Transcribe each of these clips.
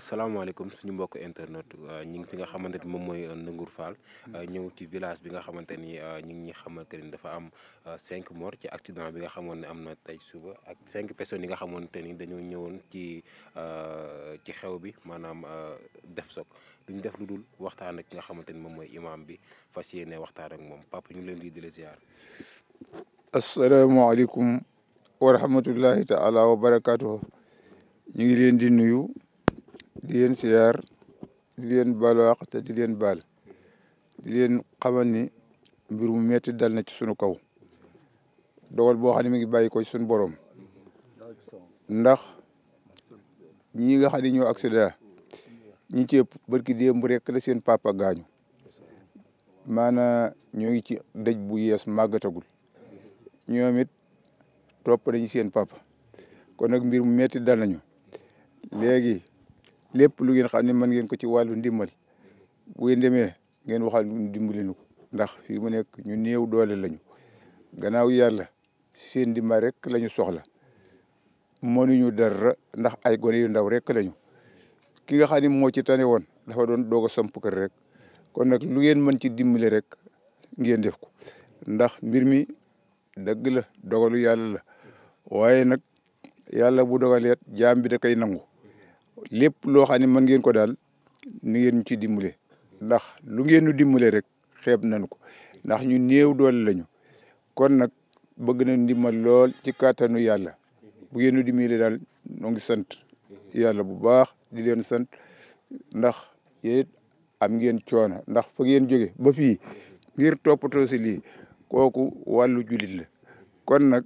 salaamaaleykum suñu mbokk internet euh, ñi ngi fi nga xamante ni moom mooy euh, Nangour Fall mm. euh, ñëw ci village bi nga xamante ni ñi ngi ñi xamante ni dafa am cinq morts ci accident bi nga xamoon ne am na tey suba ak cinq personnes yi nga xamoon xamante ni dañoo ñëwoon ci ci xew bi maanaam def soog duñ def lu dul waxtaan ak nga xamante ni moom mooy imam bi fas yéene waxtaan ak moom papa ñu leen di di la ziar. asalaamaaleykum wa rahmatullahi taala ñu ngi leen di nuyu. di leen siyaar di leen baalu àq leen baal di leen ni mbir mu metti dal na ci sunu kaw dogal boo xam ne mi ngi bàyyi ko sunu borom ndax ñii nga xam ne ñoo accident ñi ci ëpp barki démb rek la seen papa gaañu maanaa ñoo ngi ci dëj bu yees màggatagul ñoom it topp nañu seen papa kon nag mbir mu metti dal nañu léegi. lépp lu ngeen xam ne mën ngeen ko ci wàllu ndimbal bu ngeen demee ngeen waxal ñu dimbali ñu ko ndax fii mu nekk ñu néew doole lañu gannaaw yàlla seen ndimbal rek lañu soxla ñu dara ndax ay gone yu ndaw rek lañu ki nga xam ne moo ci tane woon dafa doon doog a samp kër rek kon nag lu ngeen mën ci dimbali rek ngeen def ko ndax mbir mi dëgg la dogalu yàlla la waaye nag yàlla bu dogalee jaam bi da koy nangu. lépp loo xam ne mën ngeen ko daal ni ngeen ñu ci dimbale ndax lu ngeen ñu dimbale rek xeeb nañ ko ndax ñu néew dool lañu kon nag bëgg na dimmal lool ci kàttanu yàlla bu ngeen nu dimbale daal ñoo ngi sant yàlla bu baax di leen sant ndax yéen am ngeen coona ndax fa ngeen jóge ba fii ngir toppatoo si lii kooku wàllu jullit la kon nag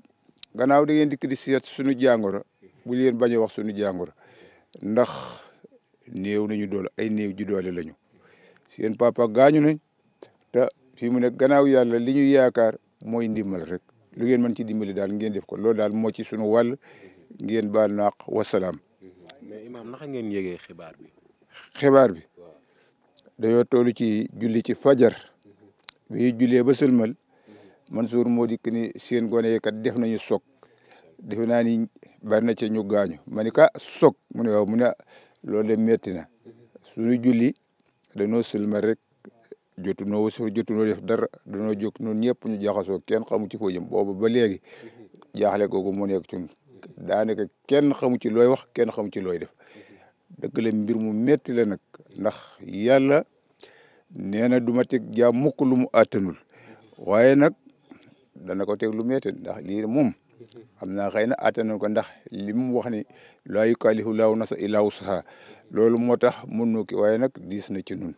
gannaaw da ngeen dikk di seet suñu jàngoro bu leen bañ a wax sunu jàngoro ndax néew nañu doole ay néew ji doole lañu seen papa gaañu nañ te fii mu ne gannaaw yàlla li ñuy yaakaar mooy ndimbal rek lu ngeen mën ci dimbali daal ngeen def ko loolu daal moo ci sunu wàll ngeen baal naaq wasalaam. mais imaam naka ngeen yëgee xibaar bi. xibaar bi dañoo toll ci julli ci fajar bi jullee ba sëlmal Mansour moo dikk ni seen gone kat def nañu sok defe naa ni bari na ca ñu gaañu ma ka ah, soog mu ne waaw mu ne loolu de metti na suñu julli dañoo sëlmal rek jotunoo wësoo jotunoo def dara dañoo jóg noonu ñëpp ñu jaxasoo kenn xamu ci foo jëm boobu ba léegi jaaxle googu mu nekk ci kenn xamu ci looy wax kenn xamu ci looy def dëgg la mbir mu metti la nag ndax yàlla nee na du ma teg jaa mukk lu mu àttanul waaye nag dana ko teg lu metti ndax lii moom xam naa xëy na atténuñ ko ndax li mu wax ni laa yukallifu laahu nafsan illaa wus'ahaa loolu moo tax mënu ki waaye nag diis na ci nun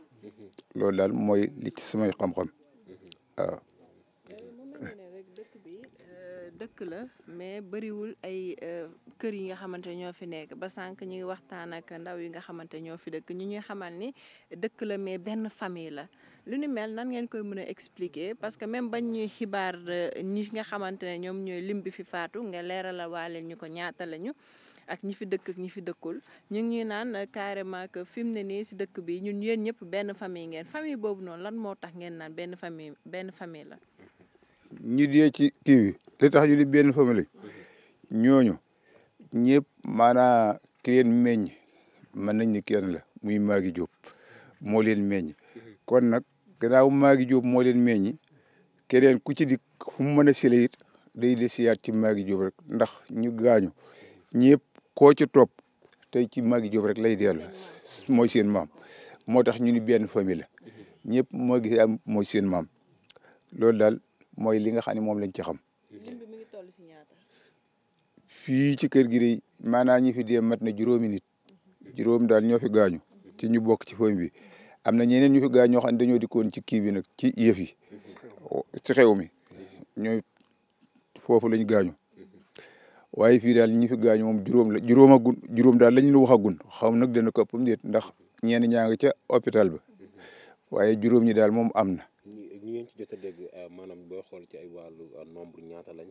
lool daal mooy li ci samay xam-xam dëkk la mais bëriwul ay euh, kër yi nga xamante ñoo fi nekk ba sànq ñu waxtaan ak ndaw yi nga xamante ñoo fi dëkk ñu ñuy xamal ni dëkk la mais benn famille la lu ni mel nan ngeen koy mën a expliquer parce que même bañ ñuy xibaar euh, ñi nga xamante ne ñoom ñooy lim bi fi faatu nga leeral waale ñu ko ñaata lañu ak ñi fi dëkk ak ñi fi dëkkul ñu ngi ñuy naan euh, carrément que fi mu ne nii si dëkk bi ñun yéen ñëpp benn famille ngeen famille boobu noonu lan moo tax ngeen benn famille benn famille la. ñu dee ci kii bi li tax ñu di benn famille ñooñu ñëpp maanaam ki leen meññ mën nañ ni kenn la muy Maguette Diop moo leen meññ kon nag gannaaw maagi Diop moo leen meññi keneen ku ci dik fu mu mën a sile it day desiyaat ci magi Diop rek ndax ñu gaañu ñëpp koo ci topp te ci magi Diop rek lay dellu mooy seen maam moo tax ñu ni benn famille la ñëpp moo gisee mooy seen maam loolu daal mooy li nga xam ne moom lañ ci xam fii ci kër gi de maanaam ñi fi dee mat na juróomi nit juróom daal ñoo fi gaañu ci ñu bokk ci famille bi am na ñeneen ñu fi gaañ ñoo xam ne dañoo dikkoon ci kii bi nag ci yëf yi ci xew mi ñooy foofu lañ gaañu waaye fii daal ñi fi gaañu moom juróom la juróom agun juróom daal lañ lu wax agun xam nag dana ko ëppam ndax ñeen ñaa ngi ca hôpital ba waaye juróom ñi daal moom am na. ñi ci jot a dégg euh, maanaam boo xool ci ay wàllu euh, nombre ñaata lañ.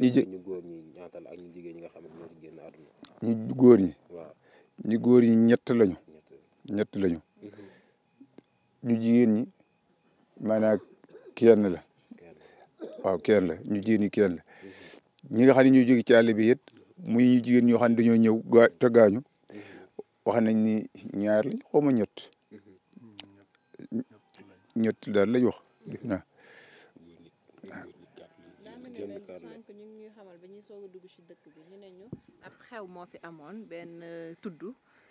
ñu góor ñi ñaata la ak ñu jigéen ñi nga xam ne ñoo ci góor ñi. waaw góor ñi ñett lañu. ñett lañu. ñu jigéen ñi maanaam kenn la waaw kenn la ñu jigéen ñi kenn la ñi ci àll bi it muy ñu jigéen ñoo xam ne dañoo ñëw gaa gaañu wax nañ ni ñaar lañ xaw ma ñett ñett daal lañ wax def naa xew moo fi amoon benn euh, tudd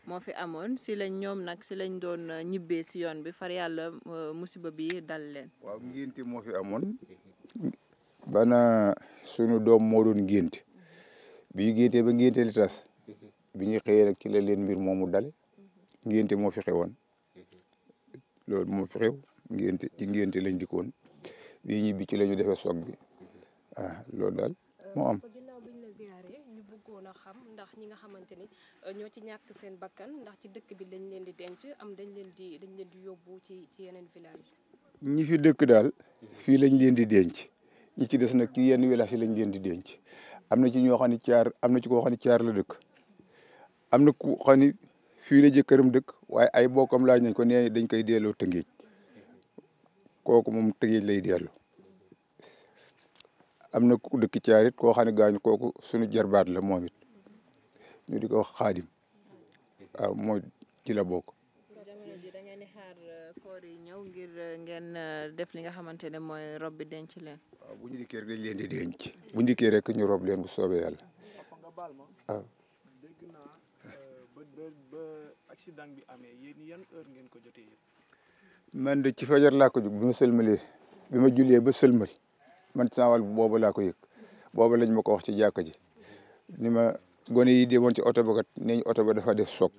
moo fi amoon si lañ ñoom nag si lañ doon euh, ñibbee si yoon bi far yàlla euh, musiba bi dal leen. waaw ngénte moo fi amoon bana sunu doom moo doon ngénte bi ñu ba ngénte li tas bi ñu xëyee nag ci leen mbir moomu dal ngénte moo fi xewoon loolu moo fi xew ngénte ci ngénte lañ dikkoon bi ñibbi ci lañu ñu defee soog bi ah loolu moo am. a xam ndax ñi nga xamante ni euh, ñoo ci ñàkk seen bakkan ndax ci dëkk bi lañ leen di denc am dañ leen di dañ leen di yóbbu ci ci yeneen village ñi fi dëkk daal fii lañ leen di denc ñi ci des nag ki yenn village lañ leen di denc am na ci ñoo xam ne caar am na ci koo xam ne caar la dëkk am na ku xam ne fii la jëkkëram dëkk waaye ay bokkam laa nañ ko nee dañ koy delloo tëngéej kooku moom tëngéej lay dellu am na ku dëkk caarit koo xam ne gaañu kooku sunu jarbaat la moom ñu di ko wax xaadim waaw mooy ci la bokk. jamono ji da ngeen di euh, ngir euh, ngeen euh, def li nga xamante ne mooy rob bi denc leen. bu ñu dikkee rek leen di denc. bu ñu dikkee ñu rob leen bu soobee yàlla. waaw. dégg bi amee yéen yan heure ngeen ko jotee yéen. man de ci fajar laa ko jóg bi ma sëlmalee bi ma jullee ba sëlmal man saa wàll boobu laa ko yëg boobu lañ ma ko wax ci jàkka ji gone yi demoon ci oto ba kat nee ñu oto ba dafa def soog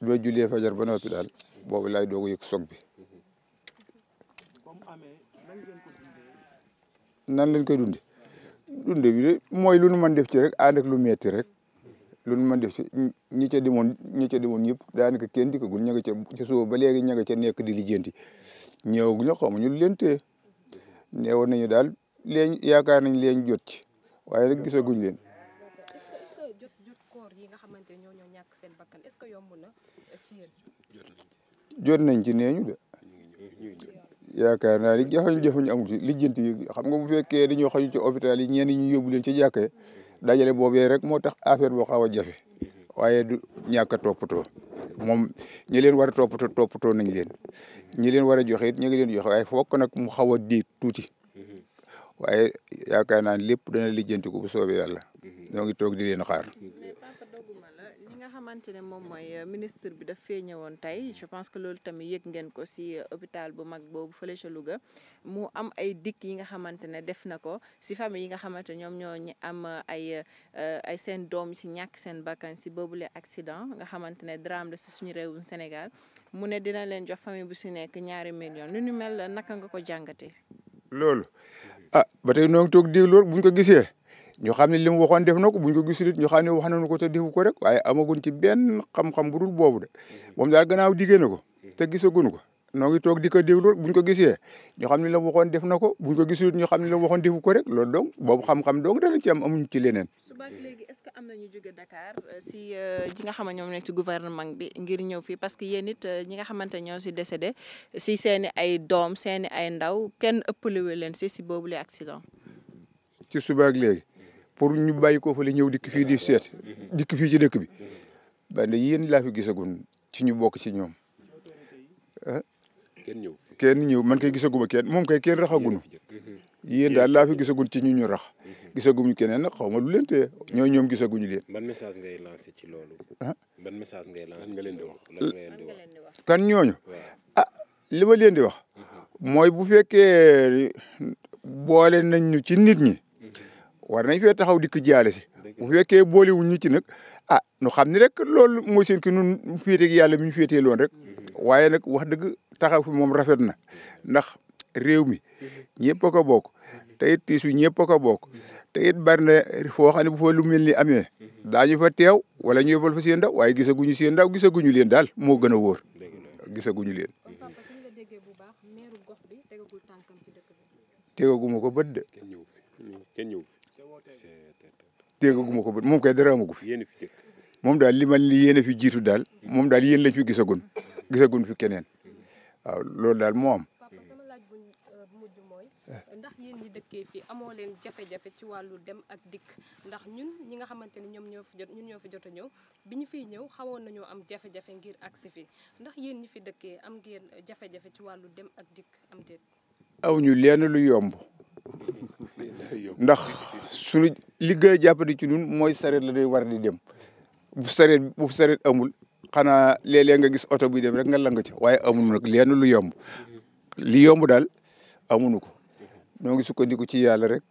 mhm. bi fajar ba noppi daal boobu laay doog a yëg soog bi nan lañ koy dundi dunde mooy lu nu mën def ci rek ànd ak lu metti rek lu nu mën def ci ñi ca demoon ñi ca demoon ñëpp daanaka kenn di ko gul ña ca ci suba ba léegi ña nga ca nekk di lijjanti ñëwaguñu xamuñu ñu leen tee mhm. neewoon nañu daal leen yaakaar nañ leen jot waaye rek gisaguñ leen. jot nañ ci nee ñu de yaakaar naa ni jafe-jafe amul ci lijjanti yi xam nga bu fekkee ñu xaju ci hôpital yi ñenn ñu yóbbu leen ci jàkkee dajale boobee rek moo tax affaire boo xaw a jafe waaye du ñàkk a toppatoo moom ñi leen war a toppatoo toppatoo nañ leen ñi leen war a joxe it ñu ngi leen joxe waaye fokk nag mu xaw a déet tuuti. waaye yaakaar naa lépp dana lijjantiku bu soobee yàlla. Mhm. ñoo ngi toog di leen xaar. xamante ne moom mooy euh, ministre bi daf fee woon tey je pense que loolu tamit yëg ngeen ko si euh, hôpital bu mag boobu fële ca Louga mu am ay dikk yi nga xamante ne def na ko si famille yi nga xamante ne ñoom ñoo ñu am euh, ay ay seen doom si ñàkk seen bakkan si boobule accident nga xamante ne drame la si suñu réewum Sénégal mu ne dina leen jox famille bu si nekk ñaari million lu ñu mel naka nga ko jàngatee. loolu ah ba tey noo ngi toog déglu loolu bu ñu ko gisee ñu xam ne li mu waxoon def na ko bu ñu ko gisulit ñu xam ne wax nañu ko te defu ko rek waaye amaguñ ci benn xam-xam bu dul boobu de moom daal gannaaw diggee ko te gisaguñu ko noo ngi toog di ko déglu buñ ko gisee ñu xam ne la waxoon def na buñ ko gisulit ñu xam ne la waxoon defu ko rek loolu donc boobu xam-xam donc dana ci amuñ ci leneen am na ñu jóge Dakar euh, si ji euh, nga xam ne ñoom nekk ci gouvernement bi ngir ñëw fii parce que yéen it euh, ñi nga xamante ñoo si décédé si seeni ay doom seeni ay ndaw kenn ëppalewu leen si si boobu boobule accident. ci suba ak léegi pour ñu bàyyi ko fa la ñëw dikk fii di seet dikk fii ci dëkk bi ba ne laa fi gisagun ci ñu bokk ci ñoom ah. kenn ñëw kenn ñëw man kay gisaguma kenn moom kay kenn raxagunu yéen daal laa fi gisaguñ ci ñu ñu rax mhm. gisaguñ keneen nag xaw ma lu leen tee ñoo ñoom gisaguñu leen. ban message ngay lancé ci loolu. Ah? ban message ngay lancé nga leen di wax lan nga leen di wax. kan ñooñu a ah, li ma leen di wax mhm. mooy bu fekkee boole nañ ñu ci nit ñi mhm. war nañ fee taxaw dikk jaale si bu fekkee boole wuñ ñu ci nag ah ñu xam ni rek loolu mooy seen ki nu féete ak yàlla mi ñu féetee loon rek waaye nag wax dëgg taxaw fi moom rafet na ndax. réew mi ñëpp a ko bokk te it tiis wi ñëpp a ko bokk te it bari na foo xam ne bu fa lu mel ni amee daañu fa teew wala ñu fa seen ndaw waaye gisaguñu seen ndaw gisaguñu leen daal moo gën a wóor gisaguñu leen. teegaguma ko bët de. teegaguma ko bët moom kay dara amagu fi moom daal li man li yéen fi jiitu daal moom daal yéen lañ fi gisagun gisagun fi keneen waaw daal moom dëkkee fii amoo leen jafe ci wàllu dem ak dikk ndax ñun ñi nga xamante ni ñoom ñoo fi jot ñun ñoo fi jot a ñëw bi ñu fiy ñëw xawoon nañoo am jafe-jafe ngir agsi fi ndax yéen ñi fi dëkkee am ngeen jafe ci wàllu dem ak dikk am déet aw ñu leen lu yomb ndax suñu li jàppandi ci ñun mooy sareet la day war di dem bu sareet bu sareet amul xanaa léeg nga gis oto buy dem rek nga lang waaye amul nag leen lu yomb li daal amunu ko noo ngi sukkandiku ci yàlla rek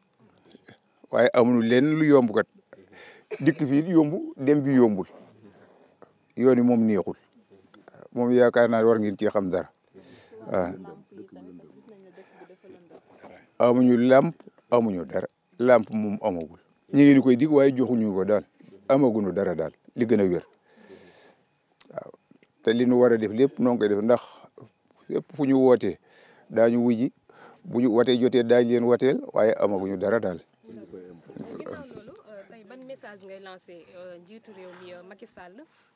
waaye amuñu leen lu yomb kat dikk fii yomb dem bi yombul yoon yi moom neexul moom yaakaar naa war ngeen cee xam dara amuñu làmp amuñu dara làmp moom amagul ñu ngi koy dig waaye joxuñu ko daal amaguñu dara daal li gën a wér waaw te li ñu war a def lépp noo ngi koy def ndax lépp fu ñu wootee daañu wuji bu ñu watee jotee daal leen wateel waaye amaguñu dara daal. Euh, ban message ngay lancé euh, njiitu réew mi euh, Macky Sall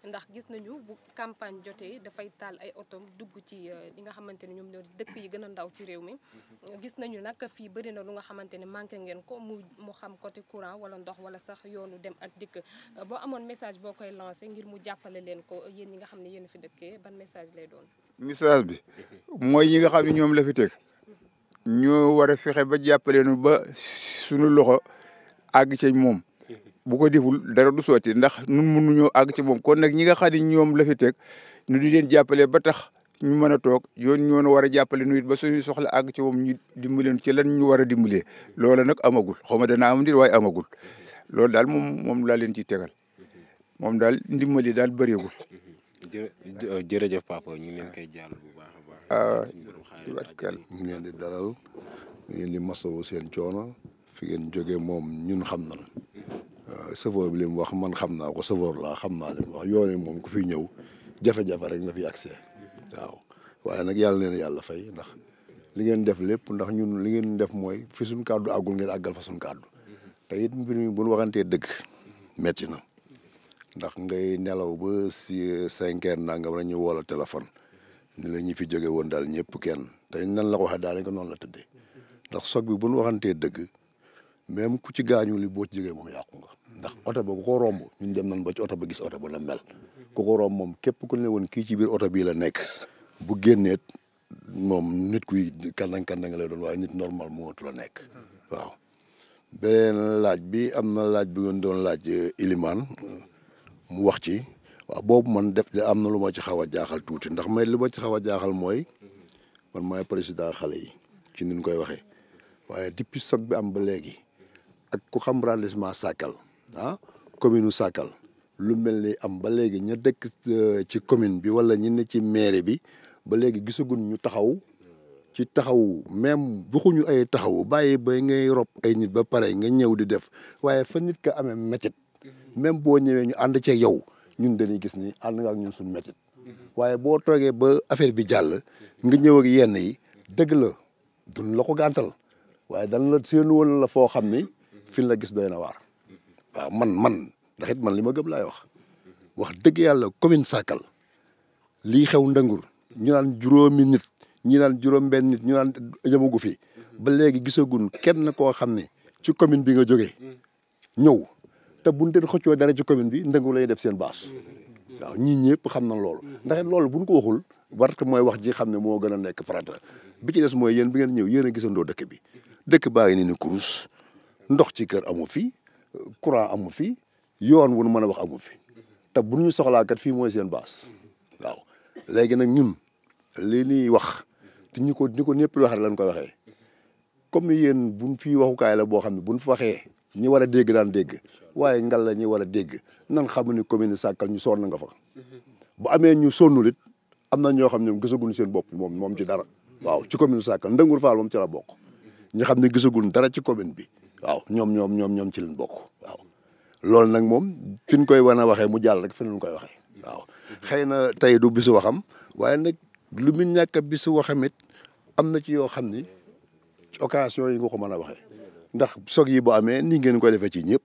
ndax gis nañu bu campagne jotee dafay taal ay otom dugg ci li nga xamante ni ñoom ñoo dëkk yi gën a ndaw ci réew mi gis nañu nag fii bëri na lu nga xamante ne manqué ngeen ko mu mu xam côté courant wala ndox wala sax yoonu dem ak dikk boo amoon message boo koy lancé ngir mu jàppale leen ko yéen ñi nga xam ne yéen fi dëkkee ban message lay doon message bi mooy ñi ñoom la fi ñoo war a fexe ba jàppale nu ba suñu loxo àgg ci moom mm-hmm. bu ko deful dara du sotti ndax nun mënuñoo àgg ci moom kon nag ñi nga xam ñoom la fi teg ñu di leen jàppale ba tax ñu mën a toog yoon ñoonu war a jàppale nu it ba suñu soxla àgg ci moom ñu dimbaleen ci lan ñu war a dimbalee mm-hmm. loola nag amagul xaw ma danaa am nit waaye amagul mm-hmm. loolu daal moom moom laa leen ciy tegal moom daal ndimbali daal bëreegul jërëjëf papa ñu leen koy jàll bu tubarkal ñu ngi leen di dalal ñu ngi di masawu seen coono fi ngeen jóge moom ñun xam nañ sëfoor bi li wax man xam naa ko sëfoor laa xam naa li mu wax yoone moom ku fi ñëw jafe-jafe rek na fi accès waaw waaye nag yàlla na yàlla fay ndax li ngeen def lépp ndax ñun li ngeen def mooy fi suñ kàddu àggul ngeen àggal fa sun kàddu te it mbir mi bu ñu waxantee dëgg metti na ndax ngay nelaw ba si cinq heures nangam rek ñu woo téléphone. ni la ñi fi jóge woon daal ñëpp kenn te nan la ko waxee daal dañ noonu la tëddee ndax soog bi bu nu waxantee dëgg même ku ci gaañu li boo ci jógee moom yàqu nga ndax oto ba ko romb ñun nañ ba ci ba gis oto ba la mel ku ko romb moom képp ku ne woon kii ci biir oto bii la nekk bu génneet moom nit kuy kandang kandang lay doon waaye nit normal mootu la nekk waaw beneen laaj bi am na laaj bi ngeen doon laaj eh, Ilimaan mu wax ci waaw boobu man def am na lu ma ci xaw a jaaxal tuuti ndax may lu ma ci xaw a jaaxal mooy man maay président xale yi ci ni koy waxee waaye depuis sot bi am ba léegi ak ku xam arrondissement Sakal ah commune Sakal lu mel ni am ba léegi ña dëkk euh, ci commune bi wala ñi ne ci maire bi ba léegi gisaguñ ñu taxaw ci taxawu même waxuñu ay taxawu bàyyi ba ngay rob ay nit ba pare nga ñëw di def waaye fa nit ka amee métit même boo ñëwee ñu ànd ceeg yow ñun dañuy gis ni ànd nga ak ñun suñu métit waaye boo toogee ba affaire bi jàll nga ñëw ak yenn yi dëgg la duñ la ko gàntal waaye dañ la séenu woon la foo xam ni fi la gis doy na waar waaw man man daxit man li ma gëm laay wax wax dëgg yàlla commune Sakal lii xew Ndangur ñu naan juróomi nit ñi naan juróom benn nit ñu naan yamagu fi ba léegi gisagun kenn koo xam ne ci commune bi nga jógee ñëw te bu ñu leen xëccoo dara ci commune bi ndëngu lay def seen baas waaw ñii ñëpp xam na loolu ndax loolu bu ñu ko waxul war mooy wax ji xam ne moo gën a nekk farata bi ci des mooy yéen bi ngeen ñëw yéen a gisandoo dëkk bi dëkk baa ngi ni ni kurus ndox ci kër amu fi courant amu fi yoon wu ñu mën a wax amu fi te bu ñu soxlaa kat fii mooy seen baas waaw léegi nag ñun li ñuy wax te ñu ko ñu ko ñëpp waxee lañ koy waxee comme yéen buñ fi waxukaay la boo xam ne buñ fa waxee ñi war a dégg daan dégg waaye ngal la ñi war a dégg nan xam ni commune Sakal ñu sonn nga fa bu amee ñu sonnul it am na ñoo xam ne gisaguñ seen bopp moom moom ci dara waaw ci commune Sakal Ndangour Fall moom ci la bokk ñu xam ne gisaguñ dara ci commune bi waaw ñoom ñoom ñoom ñoom ci leen bokk waaw loolu nag moom fi ñu koy wan a waxee mu jàll rek fi ñu koy waxee waaw xëy na tey du bisu waxam waaye nag lu mu ñàkk bisu waxam it am na ci yoo xam ni occasion yi nga ko mën a waxee ndax choc yi bu amee ni ngeen ko defee ci ñëpp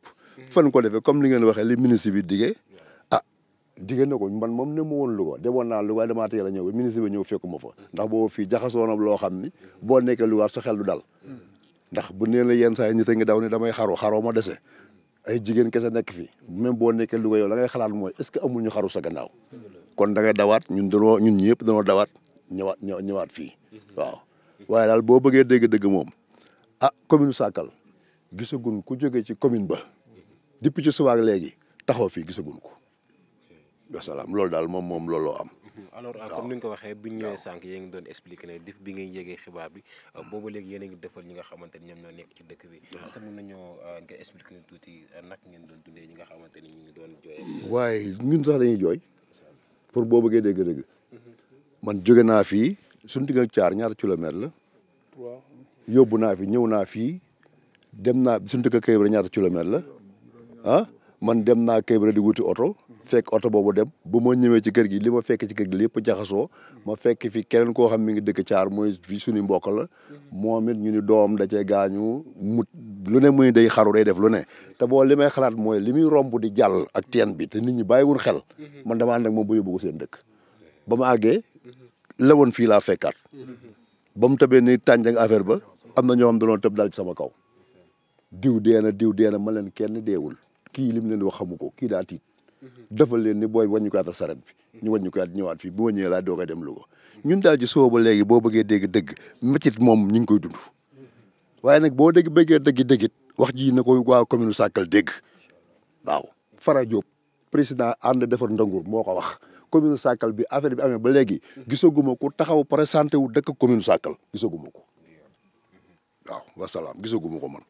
fan ko defee comme ni ngeen waxee li ministre bi diggee ah diggee na ko man moom ne ma woon Louga demoon naa Louga damaa teel a ñëw ba ministre bi ñëw fekkuma fa ndax boo fii jaxasoo na loo xam ni boo nekkee Louga sa xel du dal ndax bu nee la yenn saa yi nit a ngi daw ne damay xaru xaroo ma dese ay jigéen kese nekk fi même boo nekkee Louga yow la ngay xalaat mooy est-ce que amul ñu xaru sa gannaaw kon da dawaat ñun danoo ñun ñëpp danoo dawaat ñëwaat ñëwaat fii waaw waaye daal boo bëggee dégg-dégg moom ah commune Sakal gisagun ku jóge ci commune ba depuis ci subaak léegi taxaw fii gisagun ko wasalaam loolu daal moom moom looloo am. Mhm. alors ah, comme ni nga ko waxee bu ñu ñëwee sànq yéen ngi doon expliqué ne def bi ngay yégee xibaar bi euh, boobu léegi yéen a ngi defal ñi nga xamante ni ñoom ñoo nekk ci dëkk bi. waaw sax mën nañoo euh, nga expliqué tuuti euh, nag doon dundee ñi xamante ni ñu ngi doon jooy waaye ñun sax dañuy jooy pour boo bëggee dégg-dégg mhm. man jóge naa fii suñu digg ak caar ñaata kilomètre la. yóbbu naa fi ñëw naa fii. dem naa suñu dëkk Kaïba ñaata kilomètre la ah man dem naa Kaïba di wuti oto fekk oto boobu dem ba ma ñëwee ci kër gi li ma fekk ci kër gi lépp jaxasoo ma fekk fi keneen koo xam mi ngi ci caar mooy fi suñu mbokk la moom it ñu ni doom da cee gaañu mu lu ne muy day xaru day def lu ne te boo li may xalaat mooy li muy romb di jàll ak teen bi te nit ñi bàyyiwul xel ma dama ànd ak moom bu yóbbu seen dëkk ba ma àggee la fii laa fekkaat ba mu tëbee ni tànjang affaire ba am na ñoo xam dañoo tëb daal ci sama kaw diw dee na diw dee na ma leen kenn deewul kii lim leen wax waxamu ko kii daa tiit defal leen ni booy wàññi ko at saret bi ñu wàññi ko at ñëwaat fi bu ma ñëwee laa doog a dem Louga ñun daal ji soo ba léegi boo bëggee dégg dëgg métit moom ñu ngi koy dund waaye nag boo dégg bëggee dëgg dëggit wax ji na ko waa commune Sakal dégg waaw Fara Diop président ànd defar ndangur moo ko wax commune Sakal bi affaire bi amee ba léegi gisaguma ko taxaw présenté wu dëkk commune Sakal gisaguma ko waaw wasalaam gisaguma ko man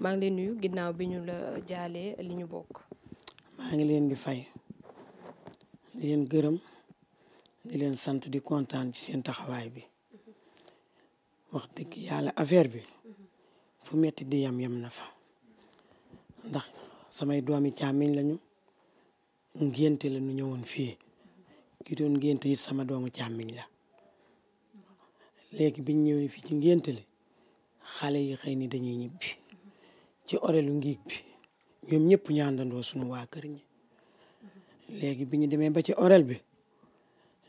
maa ngi leen nuyu ginnaaw bi ñu la jaalee li ñu bokk. maa ngi leen di fay di leen gërëm di leen sant di kontaan ci seen taxawaay bi wax dëgg yàlla affaire bi fu metti di yam yam na fa ndax samay doomi càmmiñ lañu ngénte la ñu ñëwoon fii ki doon ngénte it sama doomu càmmiñ la léegi bi ñëwee fii ci ngénte li xale yi xëy ni dañuy ñibbi ci orelu ngiig bi ñoom ñëpp ñu àndandoo suñu waa kër ñi léegi bi ñu demee ba ci orel bi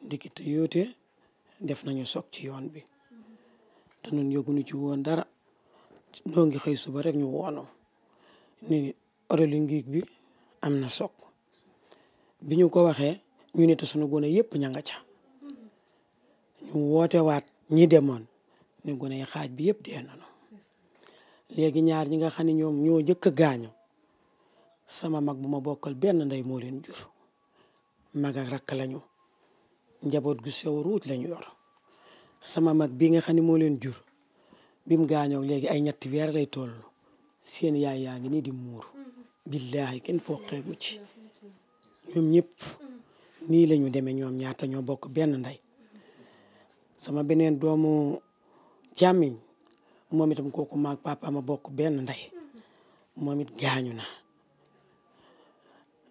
ndikit yoote def nañu soog ci yoon bi te nun yëguñu ci woon dara noo ngi xëy suba rek ñu woonoo ni orelu ngiig bi am na soog bi ñu ko waxee ñu nit suñu gone yëpp ña nga ca ñu woote waat ñi demoon ne gone yi xaaj bi yëpp dee nañu léegi ñaar ñi nga xam ne ñoom ñoo njëkk a gaañu sama mag bu ma bokkal benn ndey moo leen jur mag ak rakk lañu njaboot gu sew ruuj lañu yor sama mag bi nga xam ne moo leen jur bim gaañoo léegi ay ñetti weer lay toll seen yaay yaa ngi nii di muur billaahi kenn foqeegu ci ñoom ñëpp nii lañu demee ñoom ñaata ñoo bokk benn ndey sama beneen doomu càmmiñ moom itam kooku maag papa ma bokk ben ndey moom it gaañu na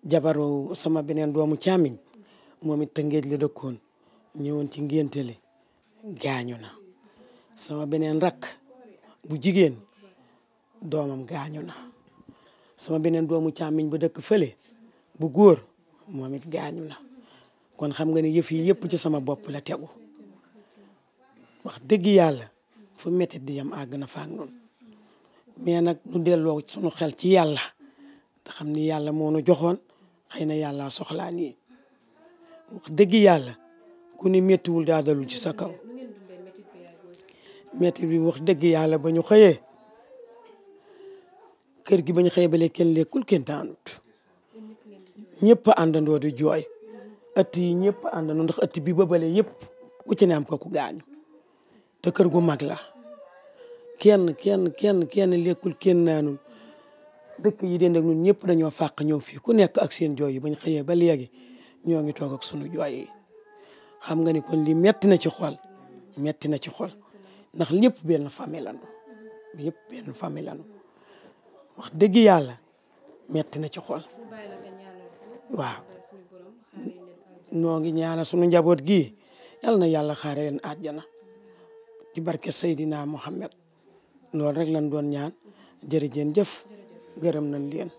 jabaru sama beneen doomu caamiñ moom it tëngeej la dëkkoon ñëwoon ci ngénte li gaañu na sama beneen rakk bu jigéen doomam gaañu na sama beneen doomu caamiñ bu dëkk fële bu góor moom it gaañu na kon xam nga ne yëf yi yëpp ci sama bopp la tegu wax dëgg yàlla fu métit di yam àgg na faak noonu mais nag nu delloo suñu xel ci yàlla te xam ni yàlla moo nu joxoon xëy na yàlla soxlaa nii wax dëgg yàlla ku ni méttiwul daa ci sa kaw bi wax dëgg yàlla ba ñu xëyee kër gi ba ñu xëyee balee kenn lekkul kenn ñëpp àndandoo di jooy ëtt yi ñëpp àndandoo ndax ëtt bi ba balee yëpp ku ci am ko ku kër gu mag la kenn kenn kenn kenn lekkul kenn naanul dëkk yi dend ak ñun ñëpp dañoo fàq ñëw fii ku nekk ak seen jooy yi bañ xëyee ba léegi ñoo ngi toog ak sunu jooy yi xam nga ni kon lii metti na ci xol metti na ci xol ndax lépp benn famille lanu lépp benn famille lanu wax dëgg yàlla metti na ci xol waaw noo ngi ñaanal sunu njaboot gi yal na yàlla xaare leen àjjana ci barke Seydina Muhammad loolu rek lañ doon ñaan jërë ngeen jëf gërëm nañ leen